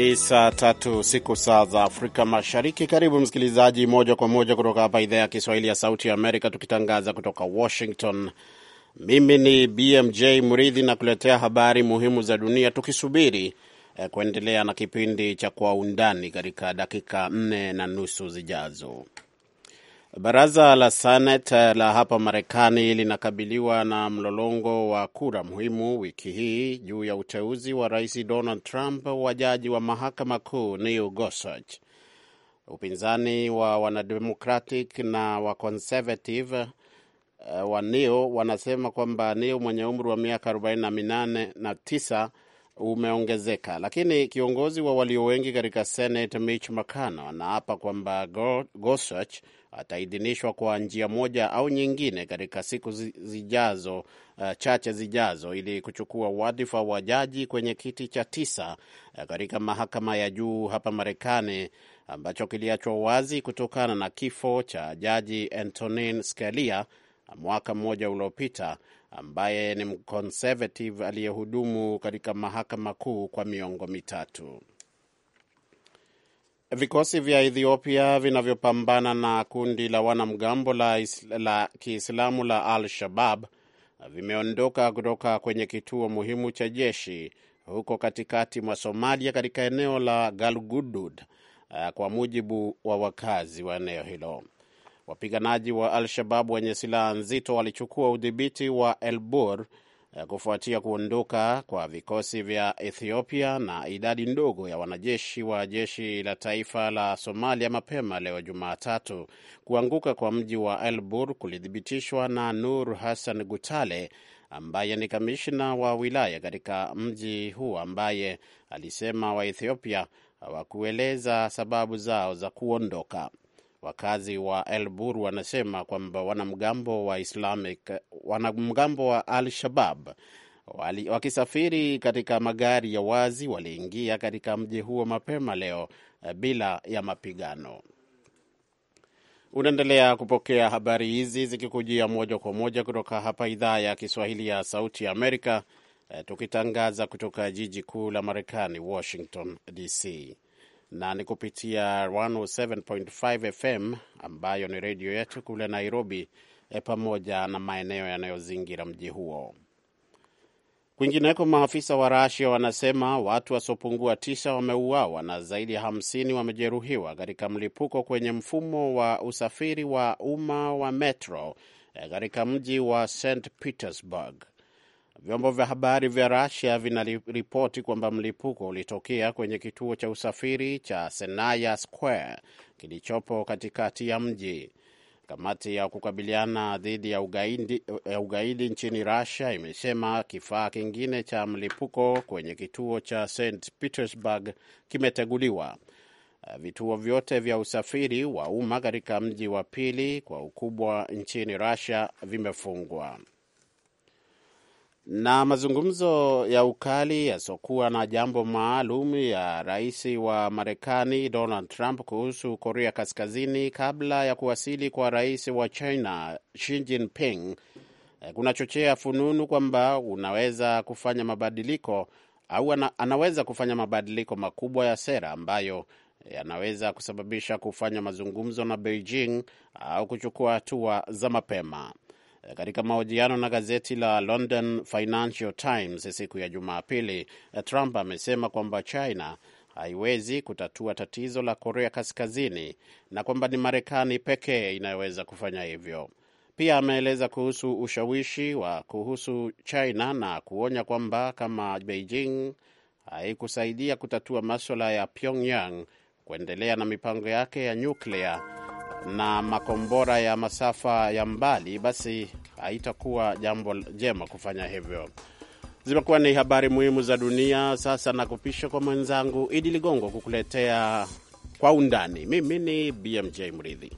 Ni saa tatu siku saa za Afrika Mashariki. Karibu msikilizaji, moja kwa moja kutoka hapa idhaa ya Kiswahili ya Sauti ya Amerika, tukitangaza kutoka Washington. Mimi ni BMJ Mridhi na kuletea habari muhimu za dunia, tukisubiri eh, kuendelea na kipindi cha Kwa Undani katika dakika nne na nusu zijazo. Baraza la Senate la hapa Marekani linakabiliwa na mlolongo wa kura muhimu wiki hii juu ya uteuzi wa Rais Donald Trump wa jaji wa mahakama kuu Neil Gorsuch. Upinzani wa wanademocratic na wa conservative eh, wa Neil wanasema kwamba Neil mwenye umri wa miaka 48 na 9 umeongezeka, lakini kiongozi wa walio wengi katika Senate Mitch McConnell anaapa kwamba Gorsuch go ataidhinishwa kwa njia moja au nyingine katika siku zijazo, uh, chache zijazo ili kuchukua wadhifa wa jaji kwenye kiti cha tisa uh, katika mahakama ya juu hapa Marekani ambacho kiliachwa wazi kutokana na kifo cha jaji Antonin Scalia uh, mwaka mmoja uliopita, ambaye ni mconservative aliyehudumu katika mahakama kuu kwa miongo mitatu. Vikosi vya Ethiopia vinavyopambana na kundi la wanamgambo la, la Kiislamu la Al-Shabab vimeondoka kutoka kwenye kituo muhimu cha jeshi huko katikati mwa Somalia katika eneo la Galgudud, eh, kwa mujibu wa wakazi wa eneo hilo. Wapiganaji wa Al-Shabab wenye silaha nzito walichukua udhibiti wa Elbur Eh, kufuatia kuondoka kwa vikosi vya Ethiopia na idadi ndogo ya wanajeshi wa jeshi la taifa la Somalia mapema leo Jumatatu. Kuanguka kwa mji wa Elbur kulithibitishwa na Nur Hassan Gutale ambaye ni kamishna wa wilaya katika mji huu, ambaye alisema Waethiopia hawakueleza sababu zao za kuondoka. Wakazi wa Elbur wanasema kwamba wanamgambo wa Islamic wanamgambo wa Al-Shabab wakisafiri katika magari ya wazi waliingia katika mji huo mapema leo eh, bila ya mapigano. Unaendelea kupokea habari hizi zikikujia moja kwa moja kutoka hapa idhaa ya Kiswahili ya Sauti ya Amerika, eh, tukitangaza kutoka jiji kuu la Marekani, Washington DC na ni kupitia 107.5 FM ambayo ni redio yetu kule Nairobi e, pamoja na maeneo yanayozingira mji huo. Kwingineko, maafisa wa Rasia wanasema watu wasiopungua tisa wameuawa na zaidi ya hamsini wamejeruhiwa katika mlipuko kwenye mfumo wa usafiri wa umma wa metro e, katika mji wa St Petersburg. Vyombo vya habari vya rasia vinaripoti kwamba mlipuko ulitokea kwenye kituo cha usafiri cha Senaya Square kilichopo katikati ya mji. Kamati ya kukabiliana dhidi ya ugaidi, ya ugaidi nchini Russia imesema kifaa kingine cha mlipuko kwenye kituo cha St Petersburg kimeteguliwa. Vituo vyote vya usafiri wa umma katika mji wa pili kwa ukubwa nchini Russia vimefungwa. Na mazungumzo ya ukali yasiokuwa na jambo maalum ya rais wa Marekani Donald Trump kuhusu Korea Kaskazini kabla ya kuwasili kwa rais wa China Xi Jinping eh, kunachochea fununu kwamba unaweza kufanya mabadiliko au ana, anaweza kufanya mabadiliko makubwa ya sera ambayo eh, yanaweza kusababisha kufanya mazungumzo na Beijing au kuchukua hatua za mapema. Eh, katika mahojiano na gazeti la London Financial Times siku ya Jumapili, eh, Trump amesema kwamba China haiwezi kutatua tatizo la Korea Kaskazini na kwamba ni Marekani pekee inayoweza kufanya hivyo. Pia ameeleza kuhusu ushawishi wa kuhusu China na kuonya kwamba kama Beijing haikusaidia kutatua maswala ya Pyongyang kuendelea na mipango yake ya nyuklia na makombora ya masafa ya mbali, basi haitakuwa jambo jema kufanya hivyo. Zimekuwa ni habari muhimu za dunia. Sasa nakupisha kwa mwenzangu Idi Ligongo kukuletea kwa undani. Mimi ni BMJ Mridhi.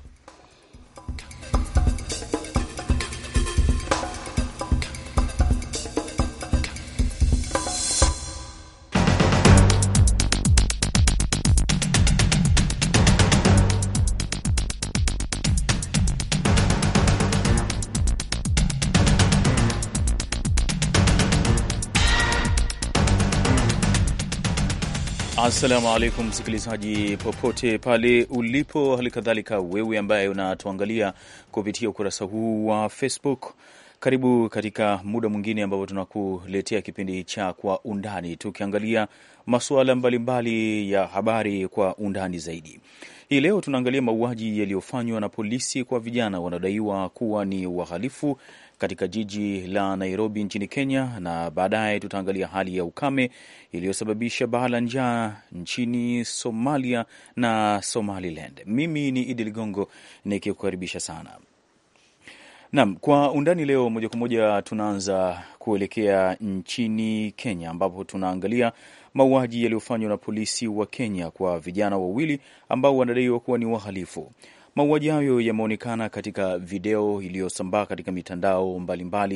Assalamu alaikum msikilizaji, popote pale ulipo, hali kadhalika wewe ambaye unatuangalia kupitia ukurasa huu wa Facebook. Karibu katika muda mwingine ambapo tunakuletea kipindi cha Kwa Undani, tukiangalia masuala mbalimbali ya habari kwa undani zaidi. Hii leo tunaangalia mauaji yaliyofanywa na polisi kwa vijana wanaodaiwa kuwa ni wahalifu katika jiji la Nairobi nchini Kenya, na baadaye tutaangalia hali ya ukame iliyosababisha baa la njaa nchini Somalia na Somaliland. Mimi ni Idi Ligongo nikikukaribisha sana nam kwa undani leo. Moja kwa moja tunaanza kuelekea nchini Kenya ambapo tunaangalia mauaji yaliyofanywa na polisi wa Kenya kwa vijana wawili ambao wanadaiwa kuwa ni wahalifu. Mauaji hayo yameonekana katika video iliyosambaa katika mitandao mbalimbali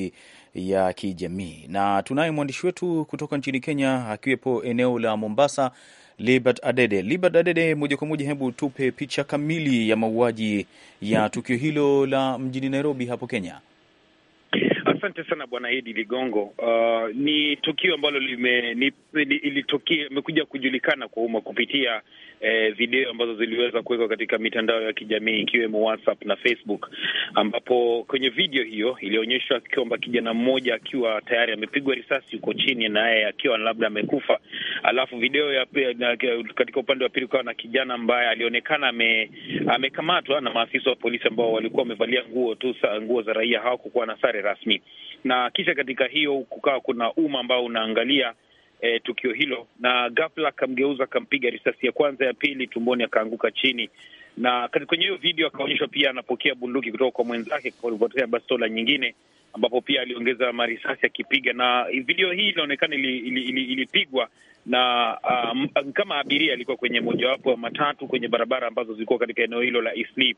mbali ya kijamii, na tunaye mwandishi wetu kutoka nchini Kenya akiwepo eneo la Mombasa, Libert Adede. Libert Adede, moja kwa moja, hebu tupe picha kamili ya mauaji ya tukio hilo la mjini Nairobi hapo Kenya. Asante sana Bwana Idi Ligongo. Uh, ni tukio ambalo limekuja imekuja kujulikana kwa umma kupitia eh, video ambazo ziliweza kuwekwa katika mitandao ya kijamii ikiwemo WhatsApp na Facebook, ambapo kwenye video hiyo ilionyeshwa kwamba kijana mmoja akiwa tayari amepigwa risasi huko chini, naye akiwa labda amekufa, alafu video ya na, katika upande wa pili ukawa na kijana ambaye alionekana ame, amekamatwa na maafisa wa polisi ambao walikuwa wamevalia nguo tu nguo za raia, hawakukuwa na sare rasmi, na kisha katika hiyo kukawa kuna umma ambao unaangalia e, tukio hilo, na ghafla akamgeuza akampiga risasi ya kwanza, ya pili tumboni, akaanguka chini. Na kwenye hiyo video akaonyeshwa pia anapokea bunduki kutoka kwa mwenzake alipotokea bastola nyingine, ambapo pia aliongeza marisasi akipiga, na video hii inaonekana ilipigwa ili, ili, ili, ili na um, kama abiria alikuwa kwenye mojawapo ya matatu kwenye barabara ambazo zilikuwa katika eneo hilo la Isli.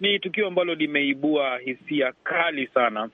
Ni tukio ambalo limeibua hisia kali sana.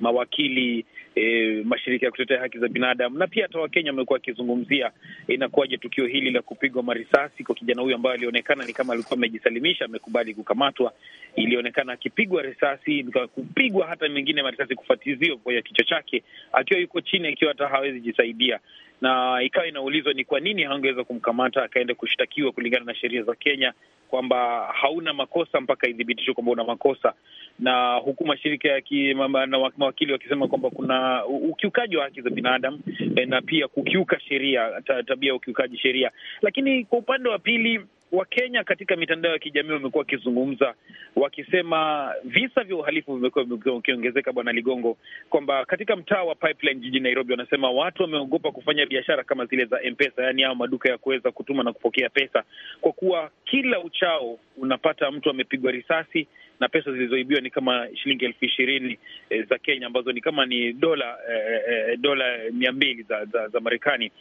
Mawakili e, mashirika ya kutetea haki za binadamu na pia hata Wakenya wamekuwa wakizungumzia inakuwaje tukio hili la kupigwa marisasi kwa kijana huyu ambaye alionekana ni kama alikuwa amejisalimisha, amekubali kukamatwa. Ilionekana akipigwa risasi, kupigwa hata mengine marisasi kufatiziwa kwenye kichwa chake, akiwa yuko chini, akiwa hata hawezi jisaidia na ikawa inaulizwa ni kwa nini hangeweza kumkamata akaenda kushtakiwa kulingana na sheria za Kenya kwamba hauna makosa mpaka ithibitishwe kwamba una makosa, na huku mashirika ya na mawakili wakisema kwamba kuna ukiukaji wa haki za binadamu eh, na pia kukiuka sheria, tabia ya ukiukaji sheria. Lakini kwa upande wa pili Wakenya katika mitandao ya kijamii wamekuwa wakizungumza wakisema visa vya uhalifu vimekuwa vikiongezeka, Bwana Ligongo, kwamba katika mtaa wa Pipeline jijini Nairobi, wanasema watu wameogopa kufanya biashara kama zile za M-Pesa, yaani hao maduka ya kuweza kutuma na kupokea pesa, kwa kuwa kila uchao unapata mtu amepigwa risasi na pesa zilizoibiwa ni kama shilingi elfu ishirini e, za Kenya ambazo ni kama ni dola e, e, dola mia mbili za, za, za Marekani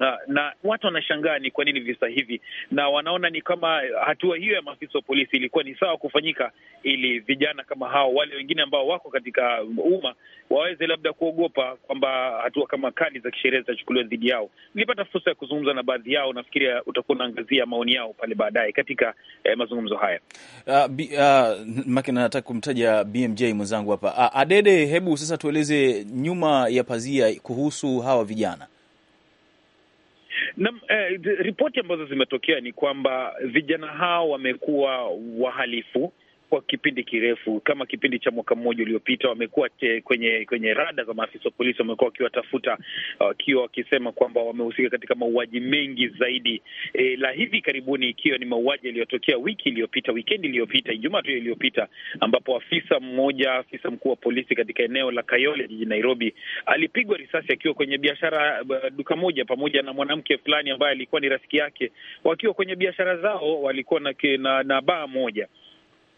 na, na watu wanashangaa ni kwa nini visa hivi, na wanaona ni kama hatua hiyo ya maafisa wa polisi ilikuwa ni sawa kufanyika, ili vijana kama hao wale wengine ambao wako katika umma waweze labda kuogopa kwamba hatua kama kali za kisheria zitachukuliwa dhidi yao. Nilipata fursa ya kuzungumza na baadhi yao, nafikiri utakuwa unaangazia maoni yao pale baadaye katika eh, mazungumzo haya. Uh, b, uh, makina nataka kumtaja BMJ mwenzangu hapa uh, Adede, hebu sasa tueleze nyuma ya pazia kuhusu hawa vijana. Na eh, ripoti ambazo zimetokea ni kwamba vijana hao wamekuwa wahalifu kwa kipindi kirefu kama kipindi cha mwaka mmoja uliopita, wamekuwa kwenye kwenye rada za maafisa wa polisi, wamekuwa wakiwatafuta wakiwa wakisema kwamba wamehusika katika mauaji mengi zaidi, e, la hivi karibuni ikiwa ni mauaji yaliyotokea wiki iliyopita, wikendi iliyopita, Ijumaa tu iliyopita, ambapo afisa mmoja, afisa mkuu wa polisi katika eneo la Kayole jijini Nairobi, alipigwa risasi akiwa kwenye biashara, uh, duka moja, pamoja na mwanamke fulani ambaye alikuwa ni rafiki yake. Wakiwa kwenye biashara zao, walikuwa na, na, na baa moja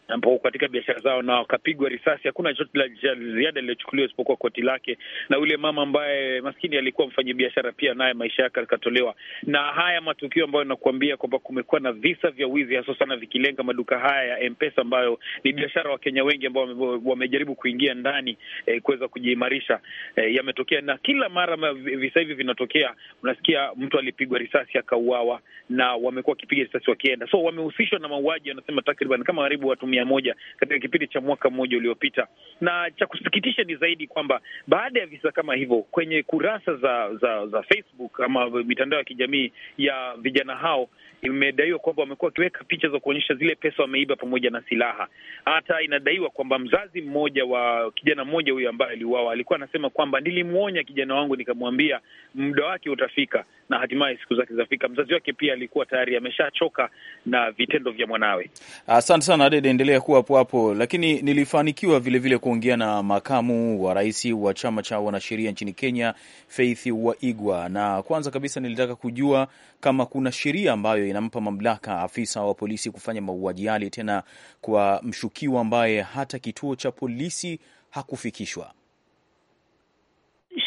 ambapo katika biashara zao na wakapigwa risasi. Hakuna chochote la ziada lililochukuliwa isipokuwa koti lake na yule mama ambaye maskini alikuwa biashara pia, naye maisha yake alikatolewa. Na haya matukio ambayo nakuambia kwamba kumekuwa na visa vya wizi hasa sana vikilenga maduka haya ya M-Pesa ambayo ni biashara Wakenya wengi ambao wamejaribu kuingia ndani eh, kuweza kujiimarisha eh, yametokea, na kila mara visa hivi vinatokea. Unasikia mtu alipigwa risasi akauawa, na wamekuwa wakipiga risasi wakienda, so wamehusishwa na mauaji, wanasema takriban kama karibu watu mia moja katika kipindi cha mwaka mmoja uliopita. Na cha kusikitisha ni zaidi kwamba baada ya visa kama hivyo, kwenye kurasa za za, za Facebook ama mitandao ya kijamii ya vijana hao imedaiwa kwamba wamekuwa wakiweka picha za kuonyesha zile pesa wameiba pamoja na silaha. Hata inadaiwa kwamba mzazi mmoja wa kijana mmoja huyo ambaye aliuawa alikuwa anasema kwamba nilimwonya kijana wangu, nikamwambia muda wake utafika na hatimaye siku zake zitafika. Mzazi wake pia alikuwa tayari ameshachoka na vitendo vya mwanawe. Asante sana Adede, endelea kuwa hapo hapo. Lakini nilifanikiwa vilevile kuongea na makamu wa rais wa chama cha wanasheria nchini Kenya, Faith Waigwa, na kwanza kabisa nilitaka kujua kama kuna sheria ambayo inampa mamlaka afisa wa polisi kufanya mauaji yale tena kwa mshukiwa ambaye hata kituo cha polisi hakufikishwa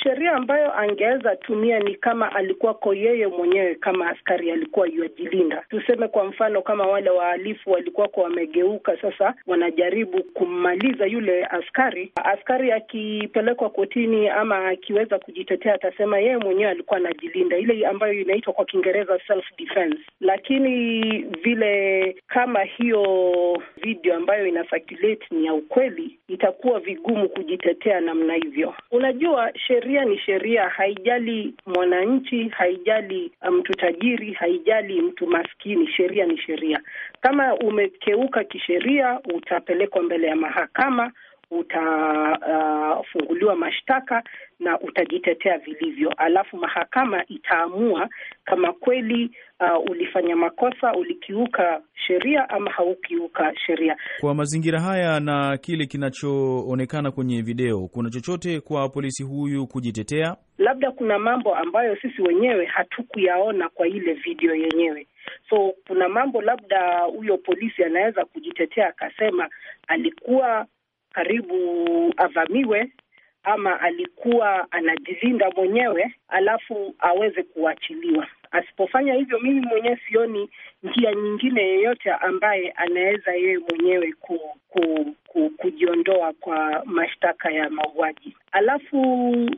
sheria ambayo angeweza tumia ni kama alikuwa ko yeye mwenyewe kama askari alikuwa yuajilinda. Tuseme kwa mfano kama wale wahalifu walikuwako wamegeuka, sasa wanajaribu kummaliza yule askari. Askari akipelekwa kotini ama akiweza kujitetea, atasema yeye mwenyewe alikuwa anajilinda, ile ambayo inaitwa kwa Kiingereza self defense. Lakini vile kama hiyo video ambayo ina circulate ni ya ukweli, itakuwa vigumu kujitetea namna hivyo. Unajua sheria sheria ni sheria, haijali mwananchi, haijali um, mtu tajiri, haijali mtu maskini. Sheria ni sheria. Kama umekeuka kisheria, utapelekwa mbele ya mahakama utafunguliwa uh, mashtaka na utajitetea vilivyo, alafu mahakama itaamua kama kweli uh, ulifanya makosa, ulikiuka sheria ama haukiuka sheria. Kwa mazingira haya na kile kinachoonekana kwenye video, kuna chochote kwa polisi huyu kujitetea? Labda kuna mambo ambayo sisi wenyewe hatukuyaona kwa ile video yenyewe so kuna mambo labda huyo polisi anaweza kujitetea akasema alikuwa karibu avamiwe ama alikuwa anajilinda mwenyewe alafu aweze kuachiliwa. Asipofanya hivyo, mimi mwenyewe sioni njia nyingine yeyote ambaye anaweza yeye mwenyewe ku, ku, ku, kujiondoa kwa mashtaka ya mauaji. Alafu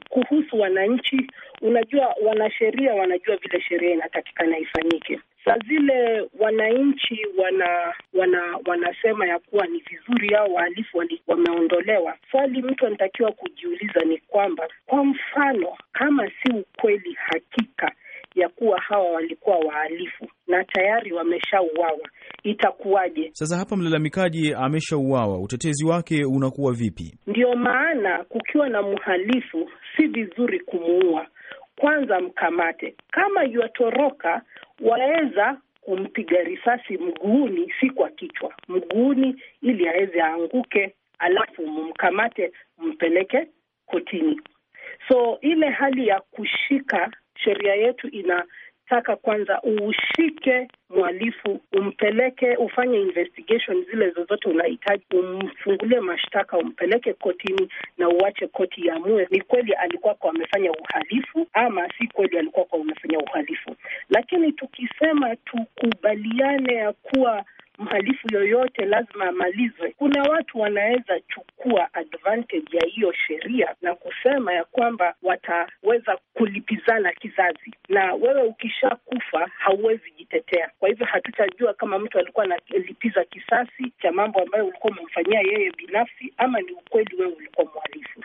kuhusu wananchi, unajua wanasheria wanajua vile sheria inatakikana ifanyike saa zile wananchi wana, wana wanasema ya kuwa ni vizuri hao wahalifu wameondolewa. Swali mtu anatakiwa kujiuliza ni kwamba, kwa mfano kama si ukweli hakika ya kuwa hawa walikuwa wahalifu na tayari wameshauawa, itakuwaje sasa? Hapa mlalamikaji ameshauawa, utetezi wake unakuwa vipi? ndio maana kukiwa na mhalifu si vizuri kumuua, kwanza mkamate. Kama yuatoroka, waweza kumpiga risasi mguuni, si kwa kichwa, mguuni, ili aweze aanguke, alafu mmkamate mpeleke kotini. So ile hali ya kushika sheria yetu ina taka kwanza uushike mhalifu, umpeleke, ufanye investigation zile zozote unahitaji, umfungulie mashtaka, umpeleke kotini na uache koti yaamue ni kweli alikuwa kwa amefanya uhalifu ama si kweli alikuwa kwa amefanya uhalifu. Lakini tukisema tukubaliane ya kuwa mhalifu yoyote lazima amalizwe. Kuna watu wanaweza chukua advantage ya hiyo sheria na kusema ya kwamba wataweza kulipizana kizazi, na wewe ukishakufa hauwezi jitetea. Kwa hivyo hatutajua kama mtu alikuwa analipiza kisasi cha mambo ambayo ulikuwa umemfanyia yeye binafsi, ama ni ukweli wewe ulikuwa mhalifu.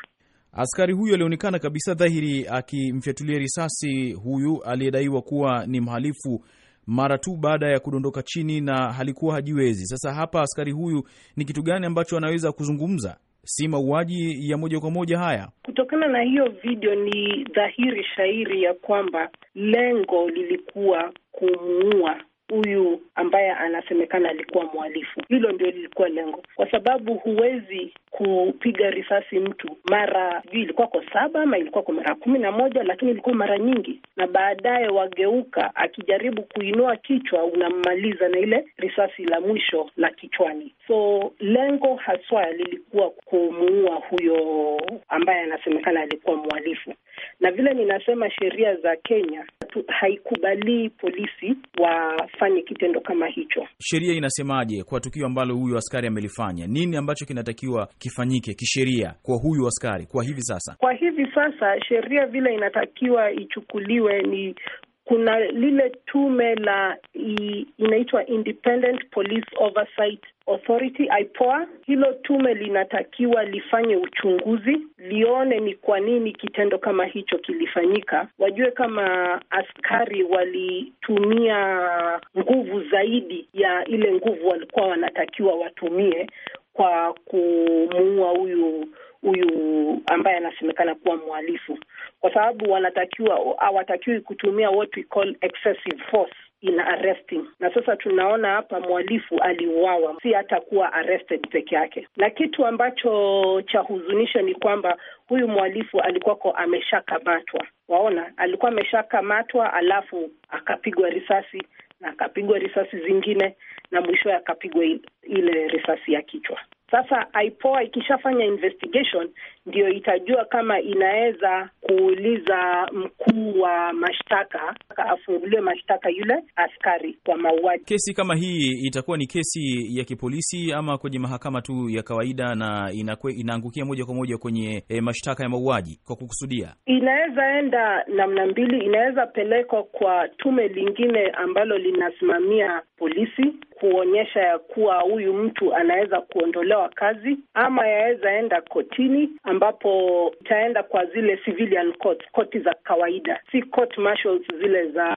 Askari huyu alionekana kabisa dhahiri akimfyatulia risasi huyu aliyedaiwa kuwa ni mhalifu mara tu baada ya kudondoka chini na halikuwa hajiwezi. Sasa hapa askari huyu ni kitu gani ambacho anaweza kuzungumza? Si mauaji ya moja kwa moja haya. Kutokana na hiyo video, ni dhahiri shairi ya kwamba lengo lilikuwa kumuua huyu ambaye anasemekana alikuwa mhalifu. Hilo ndio lilikuwa lengo, kwa sababu huwezi kupiga risasi mtu mara sijui ilikuwa kwa saba ama ilikuwa kwa mara kumi na moja, lakini ilikuwa mara nyingi, na baadaye wageuka, akijaribu kuinua kichwa unammaliza na ile risasi la mwisho la kichwani. So lengo haswa lilikuwa kumuua huyo ambaye anasemekana alikuwa mhalifu, na vile ninasema sheria za Kenya hatu, haikubalii polisi wafanye kitendo kama hicho. Sheria inasemaje kwa tukio ambalo huyu askari amelifanya? Nini ambacho kinatakiwa kifanyike kisheria kwa huyu askari kwa hivi sasa? Kwa hivi sasa sheria vile inatakiwa ichukuliwe ni kuna lile tume la inaitwa Independent Police Oversight Authority IPOA. Hilo tume linatakiwa lifanye uchunguzi, lione ni kwa nini kitendo kama hicho kilifanyika, wajue kama askari walitumia nguvu zaidi ya ile nguvu walikuwa wanatakiwa watumie kwa kumuua huyu huyu ambaye anasemekana kuwa mhalifu, kwa sababu wanatakiwa hawatakiwi kutumia what we call excessive force in arresting. Na sasa tunaona hapa mhalifu aliuawa, si hata kuwa arrested peke yake. Na kitu ambacho cha huzunisha ni kwamba huyu mhalifu alikuwako ameshakamatwa, waona, alikuwa ameshakamatwa alafu akapigwa risasi na akapigwa risasi zingine na mwishowe akapigwa ile risasi ya kichwa. Sasa IPOA ikishafanya investigation, ndio itajua kama inaweza kuuliza mkuu wa mashtaka afunguliwe mashtaka yule askari kwa mauaji. Kesi kama hii itakuwa ni kesi ya kipolisi ama kwenye mahakama tu ya kawaida, na inakwe, inaangukia moja kwa moja kwenye e, mashtaka ya mauaji kwa kukusudia? Inaweza enda namna mbili, inaweza pelekwa kwa tume lingine ambalo linasimamia polisi kuonyesha ya kuwa huyu mtu anaweza kuondolewa kazi, ama yaweza enda kotini ambapo itaenda kwa zile civil civilian courts, koti za kawaida, si court marshals zile za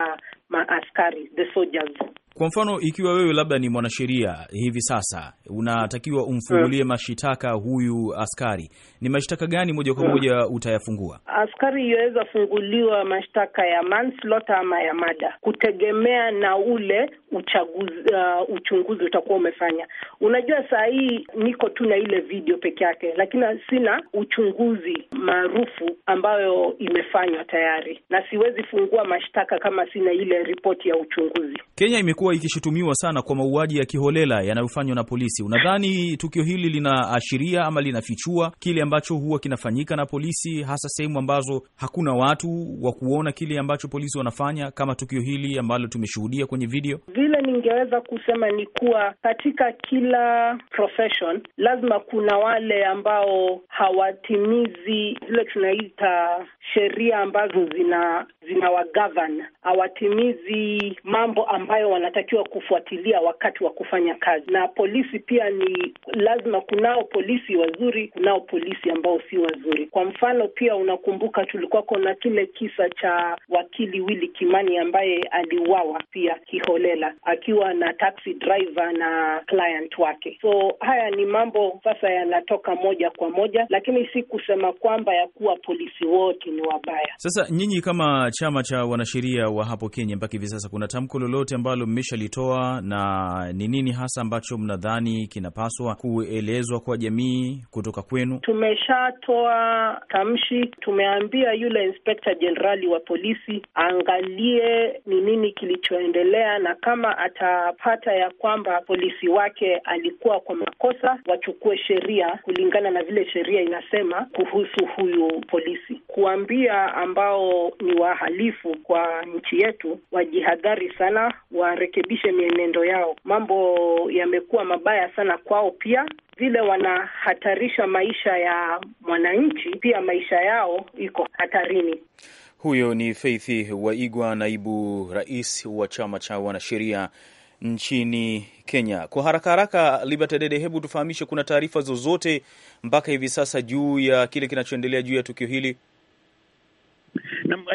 maaskari the soldiers. Kwa mfano, ikiwa wewe labda ni mwanasheria hivi sasa unatakiwa umfungulie mm. mashitaka huyu askari, ni mashtaka gani moja kwa mm. moja mm. utayafungua? Askari iweza funguliwa mashtaka ya manslaughter ama ya mada, kutegemea na ule uchaguzi, uh, uchunguzi utakuwa umefanya. Unajua, saa hii niko tu na ile video peke yake, lakini sina uchunguzi maarufu ambayo imefanywa tayari, na siwezi fungua mashtaka kama sina ile ripoti ya uchunguzi. Kenya imekuwa ikishutumiwa sana kwa mauaji ya kiholela yanayofanywa na polisi. Unadhani tukio hili linaashiria ama linafichua kile ambacho huwa kinafanyika na polisi, hasa sehemu ambazo hakuna watu wa kuona kile ambacho polisi wanafanya, kama tukio hili ambalo tumeshuhudia kwenye video? Vile ningeweza kusema ni kuwa katika kila profession lazima kuna wale ambao hawatimizi zile tunaita sheria ambazo zina zinawagovern hawatimizi hizi mambo ambayo wanatakiwa kufuatilia wakati wa kufanya kazi, na polisi pia ni lazima, kunao polisi wazuri, kunao polisi ambao si wazuri. Kwa mfano, pia unakumbuka tulikuwako na kile kisa cha wakili Willy Kimani ambaye aliuawa pia kiholela akiwa na taxi driver na client wake. So haya ni mambo sasa yanatoka moja kwa moja, lakini si kusema kwamba ya kuwa polisi wote ni wabaya. Sasa nyinyi kama chama cha wanasheria wa hapo Kenya mpaka hivi sasa, kuna tamko lolote ambalo mmeshalitoa na ni nini hasa ambacho mnadhani kinapaswa kuelezwa kwa jamii kutoka kwenu? Tumeshatoa tamshi, tumeambia yule inspekta jenerali wa polisi aangalie ni nini kilichoendelea, na kama atapata ya kwamba polisi wake alikuwa kwa makosa, wachukue sheria kulingana na vile sheria inasema kuhusu huyu polisi, kuambia ambao ni wahalifu kwa nchi yetu wajihadhari sana, warekebishe mienendo yao. Mambo yamekuwa mabaya sana kwao pia vile wanahatarisha maisha ya mwananchi, pia maisha yao iko hatarini. Huyo ni Faith Waigwa, naibu rais wa chama cha wanasheria nchini Kenya. Kwa haraka haraka, Liberty Dede, hebu tufahamishe, kuna taarifa zozote mpaka hivi sasa juu ya kile kinachoendelea juu ya tukio hili?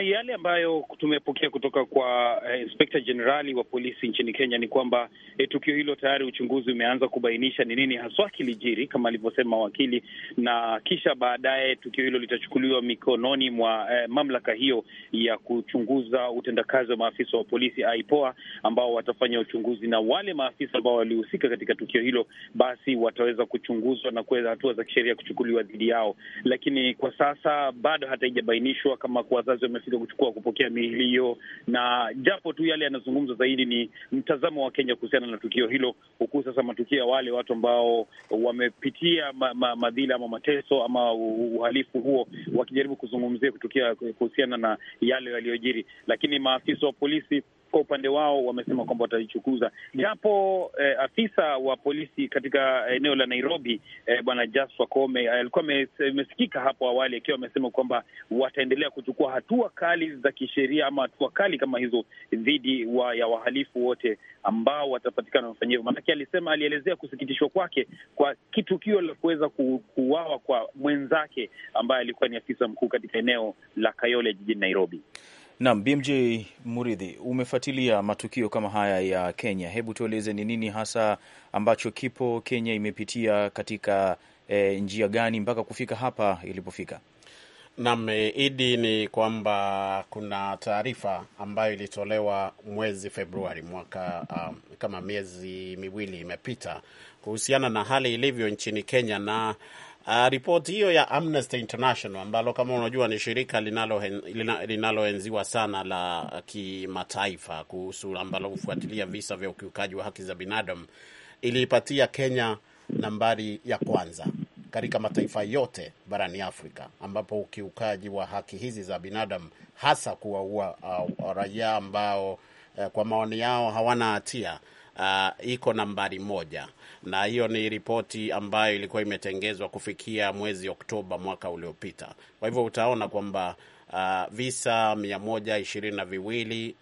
yale ambayo tumepokea kutoka kwa eh, Inspekta Jenerali wa polisi nchini Kenya ni kwamba eh, tukio hilo tayari uchunguzi umeanza kubainisha ni nini haswa kilijiri kama alivyosema wakili, na kisha baadaye tukio hilo litachukuliwa mikononi mwa eh, mamlaka hiyo ya kuchunguza utendakazi wa maafisa wa polisi aipoa, ambao watafanya uchunguzi na wale maafisa ambao walihusika katika tukio hilo, basi wataweza kuchunguzwa na kuweza hatua za kisheria kuchukuliwa dhidi yao, lakini kwa sasa bado hata haijabainishwa kama wazazi wame nafasi za kuchukua kupokea miili hiyo, na japo tu yale yanazungumzwa zaidi ni mtazamo wa Kenya kuhusiana na tukio hilo, huku sasa matukio ya wale watu ambao wamepitia ma, ma, madhila ama mateso ama uhalifu huo wakijaribu kuzungumzia kutukia kuhusiana na yale yaliyojiri, lakini maafisa wa polisi kwa upande wao wamesema kwamba wataichukuza, japo eh, afisa wa polisi katika eh, eneo la Nairobi eh, bwana Jaswa Kome eh, alikuwa amesikika hapo awali akiwa amesema kwamba wataendelea kuchukua hatua kali za kisheria ama hatua kali kama hizo dhidi wa, ya wahalifu wote ambao watapatikana wamefanya hivyo. Maanake alisema, alielezea kusikitishwa kwake kwa kitukio la kuweza ku, kwa mwenzake ambaye alikuwa ni afisa mkuu katika eneo la Kayole jijini Nairobi. Naam, BMJ Muridhi, umefuatilia matukio kama haya ya Kenya. Hebu tueleze ni nini hasa ambacho kipo Kenya, imepitia katika e, njia gani mpaka kufika hapa ilipofika? Naam, eh, Idi, ni kwamba kuna taarifa ambayo ilitolewa mwezi Februari mwaka um, kama miezi miwili imepita kuhusiana na hali ilivyo nchini Kenya na Uh, ripoti hiyo ya Amnesty International ambalo kama unajua ni shirika linaloenziwa lina, sana la kimataifa kuhusu ambalo hufuatilia visa vya ukiukaji wa haki za binadamu iliipatia Kenya nambari ya kwanza katika mataifa yote barani Afrika ambapo ukiukaji wa haki hizi za binadamu hasa kuwaua uh, raia ambao uh, kwa maoni yao hawana hatia uh, iko nambari moja, na hiyo ni ripoti ambayo ilikuwa imetengezwa kufikia mwezi Oktoba mwaka uliopita. Kwa hivyo utaona kwamba uh, visa mia moja ishirini na viwili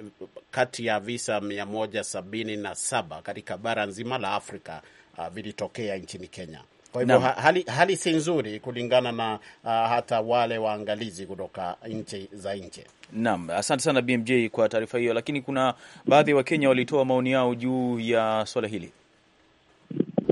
kati ya visa mia moja sabini na saba katika bara nzima la Afrika uh, vilitokea nchini Kenya. Kwa hivyo hali, hali si nzuri kulingana na uh, hata wale waangalizi kutoka nchi za nje. Naam, asante sana BMJ kwa taarifa hiyo, lakini kuna baadhi ya Wakenya walitoa maoni yao juu ya swala hili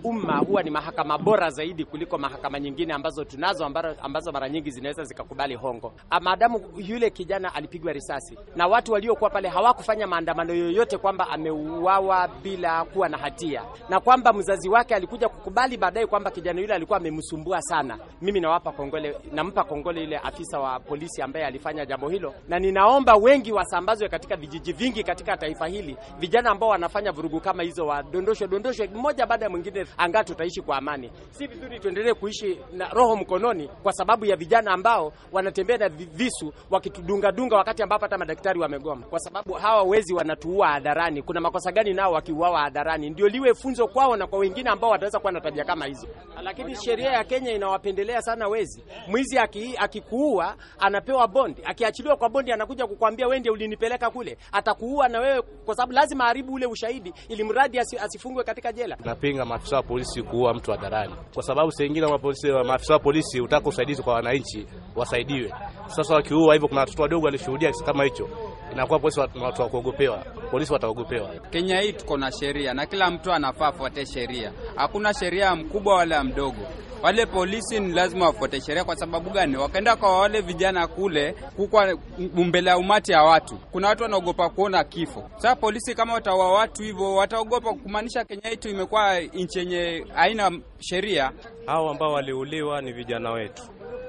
umma huwa ni mahakama bora zaidi kuliko mahakama nyingine ambazo tunazo ambazo mara nyingi zinaweza zikakubali hongo. Ah, maadamu yule kijana alipigwa risasi na watu waliokuwa pale hawakufanya maandamano yoyote kwamba ameuawa bila kuwa na hatia, na kwamba mzazi wake alikuja kukubali baadaye kwamba kijana yule alikuwa amemsumbua sana. Mimi nawapa kongole, nampa kongole ile afisa wa polisi ambaye alifanya jambo hilo, na ninaomba wengi wasambazwe katika vijiji vingi katika taifa hili, vijana ambao wanafanya vurugu kama hizo wadondoshwe dondoshwe mmoja baada ya mwingine angaa tutaishi kwa amani. Si vizuri tuendelee kuishi na roho mkononi kwa sababu ya vijana ambao wanatembea na visu wakitudunga dunga, wakati ambapo hata madaktari wamegoma, kwa sababu hawa wezi wanatuua hadharani. Kuna makosa gani nao wakiuawa hadharani? Ndio liwe funzo kwao na kwa wengine ambao wataweza kuwa na tabia kama hizo. Lakini sheria ya Kenya inawapendelea sana wezi. Mwizi akikuua aki anapewa bondi, akiachiliwa kwa bondi anakuja kukwambia wewe ndiye ulinipeleka kule, atakuua na wewe, kwa sababu lazima aharibu ule ushahidi ili mradi asifungwe katika jela. Napinga maafisa polisi kuua mtu hadharani, kwa sababu sengine mapolisi maafisa wa polisi utaka usaidizi kwa wananchi wasaidiwe. Sasa wakiua hivyo, kuna watoto wadogo walishuhudia kama hicho, inakuwa polisi watu wa kuogopewa, polisi wataogopewa. Kenya hii tuko na sheria na kila mtu anafaa afuate sheria, hakuna sheria mkubwa wala mdogo. Wale polisi ni lazima wafuate sheria. Kwa sababu gani? Wakaenda kwa wale vijana kule, kukwa mbele ya umati ya watu, kuna watu wanaogopa kuona kifo. Sasa polisi kama wataua watu hivyo, wataogopa, kumaanisha Kenya yetu imekuwa nchi yenye haina sheria. Hao ambao waliuliwa ni vijana wetu,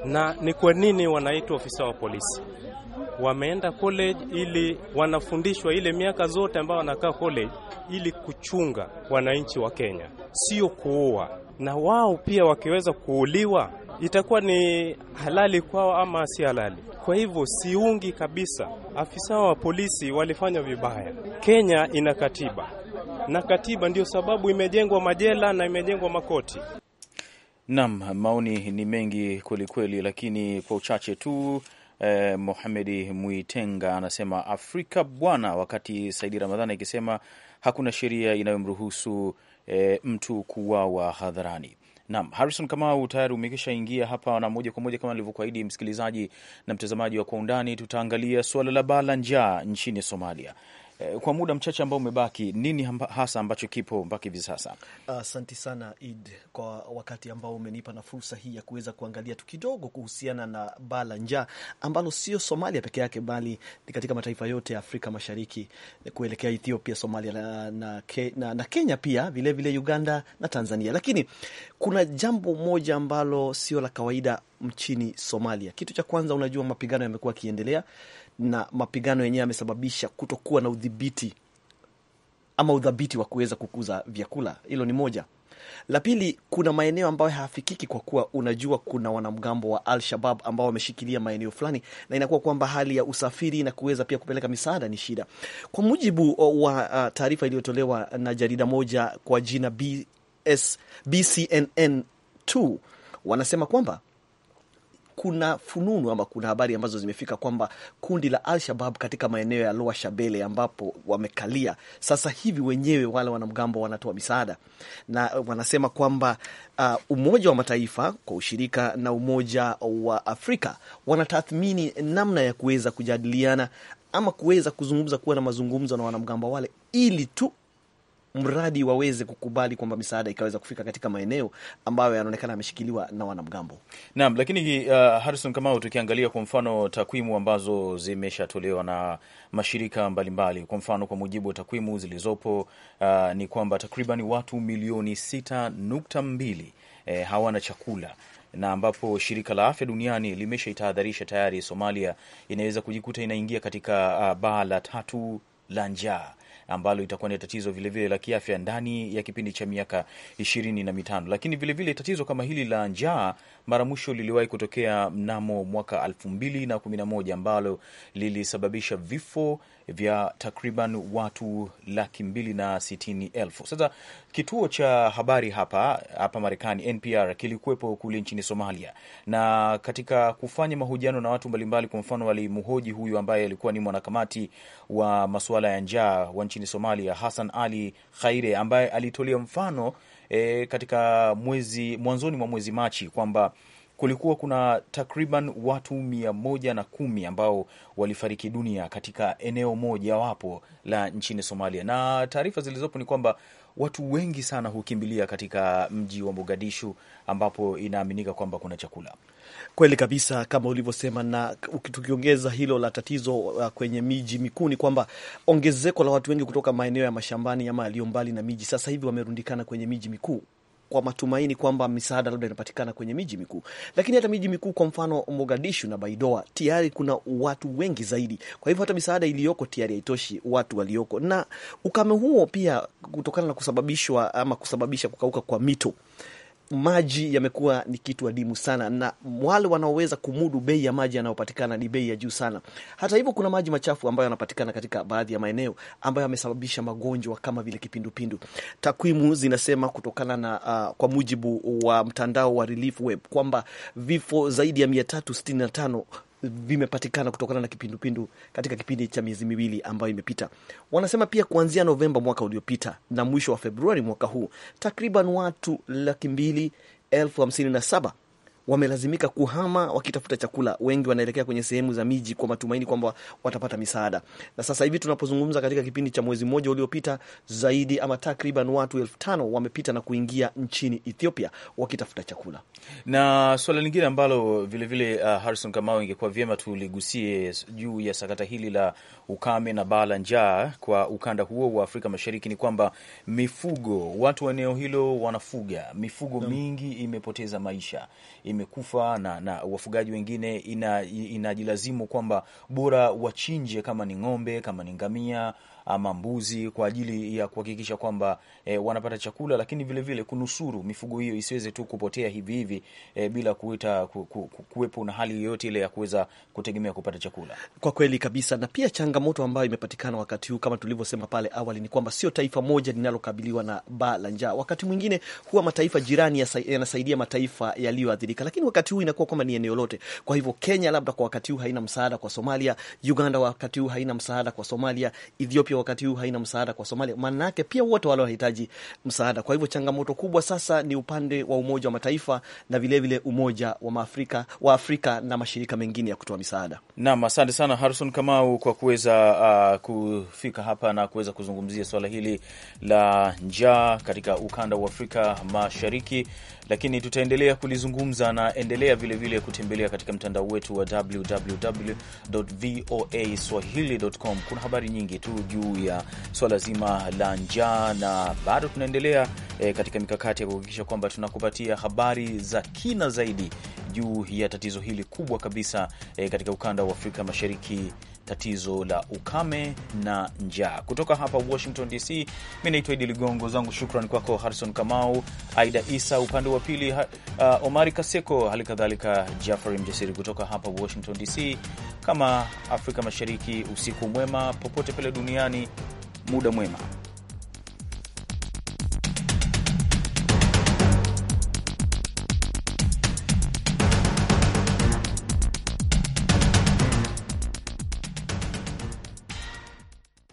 na ni kwa nini wanaitwa ofisa wa polisi? Wameenda college ili wanafundishwa ile miaka zote ambao wanakaa college ili kuchunga wananchi wa Kenya, sio kuua na wao pia wakiweza kuuliwa itakuwa ni halali kwao ama si halali. Kwa hivyo siungi kabisa, afisa wa polisi walifanya vibaya. Kenya ina katiba na katiba ndio sababu imejengwa majela na imejengwa makoti. Naam, maoni ni mengi kwelikweli, lakini kwa uchache tu eh, Muhamedi Mwitenga anasema Afrika bwana, wakati Saidi Ramadhani akisema hakuna sheria inayomruhusu e, mtu kuuawa hadharani. Naam, Harrison Kamau, tayari umekisha ingia hapa, na moja kwa moja kama nilivyokuahidi, msikilizaji na mtazamaji wa Kwa Undani, tutaangalia suala la baa la njaa nchini Somalia. Eh, kwa muda mchache ambao umebaki, nini hasa ambacho kipo mpaka hivi sasa? asanti uh, sana Id, kwa wakati ambao umenipa na fursa hii ya kuweza kuangalia tu kidogo kuhusiana na baa la njaa ambalo sio Somalia peke yake, bali ni katika mataifa yote ya Afrika Mashariki eh, kuelekea Ethiopia, Somalia na, na, na, na Kenya pia vilevile vile Uganda na Tanzania. Lakini kuna jambo moja ambalo sio la kawaida mchini Somalia. Kitu cha kwanza, unajua mapigano yamekuwa yakiendelea na mapigano yenyewe yamesababisha kutokuwa na udhibiti ama udhabiti wa kuweza kukuza vyakula. Hilo ni moja. La pili, kuna maeneo ambayo hayafikiki kwa kuwa unajua kuna wanamgambo wa Al-Shabab ambao wameshikilia maeneo fulani, na inakuwa kwamba hali ya usafiri na kuweza pia kupeleka misaada ni shida. Kwa mujibu wa taarifa iliyotolewa na jarida moja kwa jina BS, BCNN2 wanasema kwamba kuna fununu ama kuna habari ambazo zimefika kwamba kundi la alshabab katika maeneo ya Loa Shabele ambapo wamekalia sasa hivi wenyewe wale wanamgambo wanatoa misaada na wanasema kwamba uh, Umoja wa Mataifa kwa ushirika na Umoja wa Afrika wanatathmini namna ya kuweza kujadiliana ama kuweza kuzungumza, kuwa na mazungumzo na wanamgambo wale ili tu mradi waweze kukubali kwamba misaada ikaweza kufika katika maeneo ambayo yanaonekana yameshikiliwa na wanamgambo. Naam, lakini uh, Harrison Kamau, tukiangalia kwa mfano takwimu ambazo zimeshatolewa na mashirika mbalimbali mbali. Kwa mfano kwa mujibu wa takwimu zilizopo uh, ni kwamba takriban watu milioni sita nukta mbili eh, hawana chakula na ambapo shirika la afya duniani limeshaitahadharisha tayari Somalia inaweza kujikuta inaingia katika uh, baa la tatu la njaa ambalo itakuwa ni tatizo vilevile la kiafya ndani ya kipindi cha miaka ishirini na mitano. Lakini vilevile tatizo kama hili la njaa mara mwisho liliwahi kutokea mnamo mwaka 2011 ambalo lilisababisha vifo vya takriban watu laki mbili na sitini elfu. Sasa kituo cha habari hapa hapa Marekani, NPR, kilikuwepo kule nchini Somalia, na katika kufanya mahojiano na watu mbalimbali, kwa mfano walimhoji huyu ambaye alikuwa ni mwanakamati wa masuala ya njaa wa nchini Somalia, Hassan Ali Khaire, ambaye alitolea mfano e, katika mwezi mwanzoni mwa mwezi Machi kwamba kulikuwa kuna takriban watu mia moja na kumi ambao walifariki dunia katika eneo moja wapo la nchini Somalia, na taarifa zilizopo ni kwamba watu wengi sana hukimbilia katika mji wa Mogadishu ambapo inaaminika kwamba kuna chakula. Kweli kabisa kama ulivyosema, na tukiongeza hilo la tatizo uh, kwenye miji mikuu ni kwamba ongezeko la watu wengi kutoka maeneo ya mashambani ama yaliyo mbali na miji, sasa hivi wamerundikana kwenye miji mikuu kwa matumaini kwamba misaada labda inapatikana kwenye miji mikuu, lakini hata miji mikuu kwa mfano Mogadishu na Baidoa tayari kuna watu wengi zaidi. Kwa hivyo hata misaada iliyoko tayari haitoshi watu walioko, na ukame huo pia kutokana na kusababishwa ama kusababisha kukauka kwa mito maji yamekuwa ni kitu adimu sana, na wale wanaoweza kumudu bei ya maji yanayopatikana ni bei ya juu sana. Hata hivyo, kuna maji machafu ambayo yanapatikana katika baadhi ya maeneo ambayo yamesababisha magonjwa kama vile kipindupindu. Takwimu zinasema kutokana na uh, kwa mujibu wa mtandao wa Relief Web kwamba vifo zaidi ya mia tano vimepatikana kutokana na kipindupindu katika kipindi cha miezi miwili ambayo imepita. Wanasema pia kuanzia Novemba mwaka uliopita na mwisho wa Februari mwaka huu takriban watu laki mbili elfu hamsini na saba wamelazimika kuhama wakitafuta chakula, wengi wanaelekea kwenye sehemu za miji kwa matumaini kwamba watapata misaada. Na sasa hivi tunapozungumza, katika kipindi cha mwezi mmoja uliopita, zaidi ama takriban watu elfu tano wamepita na kuingia nchini Ethiopia wakitafuta chakula. Na suala lingine ambalo vilevile uh, Harrison Kamau, ingekuwa vyema tuligusie juu ya sakata hili la ukame na baa la njaa kwa ukanda huo wa Afrika Mashariki ni kwamba mifugo, watu wa eneo hilo wanafuga mifugo no. mingi imepoteza maisha imekufa na, na wafugaji wengine inajilazimu ina kwamba bora wachinje, kama ni ng'ombe, kama ni ngamia ama mbuzi kwa ajili ya kuhakikisha kwamba e, wanapata chakula, lakini vilevile vile kunusuru mifugo hiyo isiweze tu kupotea hivi hivi e, bila kuita ku, ku, kuwepo na hali yoyote ile ya kuweza kutegemea kupata chakula. Kwa kweli kabisa, na pia changamoto ambayo imepatikana wakati huu kama tulivyosema pale awali ni kwamba sio taifa moja linalokabiliwa na baa la njaa. Wakati mwingine huwa mataifa jirani yanasaidia ya mataifa yaliyoathirika, lakini wakati huu inakuwa kwamba ni eneo lote. Kwa hivyo Kenya labda kwa wakati huu haina msaada kwa Somalia, Uganda wakati huu haina msaada kwa Somalia, Ethiopia Ethiopia wakati huu haina msaada kwa Somalia, maanake pia wote wale wanahitaji msaada. Kwa hivyo changamoto kubwa sasa ni upande wa Umoja wa Mataifa na vilevile vile Umoja wa Afrika, wa Afrika na mashirika mengine ya kutoa misaada. Naam, asante sana Harrison Kamau kwa kuweza uh, kufika hapa na kuweza kuzungumzia swala hili la njaa katika ukanda wa Afrika Mashariki, lakini tutaendelea kulizungumza na endelea vilevile vile kutembelea katika mtandao wetu wa www.voaswahili.com. Kuna habari nyingi tu juu juu ya swala zima la njaa, na bado tunaendelea e, katika mikakati ya kuhakikisha kwamba tunakupatia habari za kina zaidi juu ya tatizo hili kubwa kabisa e, katika ukanda wa Afrika Mashariki tatizo la ukame na njaa. Kutoka hapa Washington DC, mi naitwa Idi Ligongo, zangu shukran kwako Harrison Kamau, Aida Isa upande wa pili, uh, Omari Kaseko, hali kadhalika Jafari Mjasiri. Kutoka hapa Washington DC, kama Afrika Mashariki, usiku mwema popote pale duniani, muda mwema.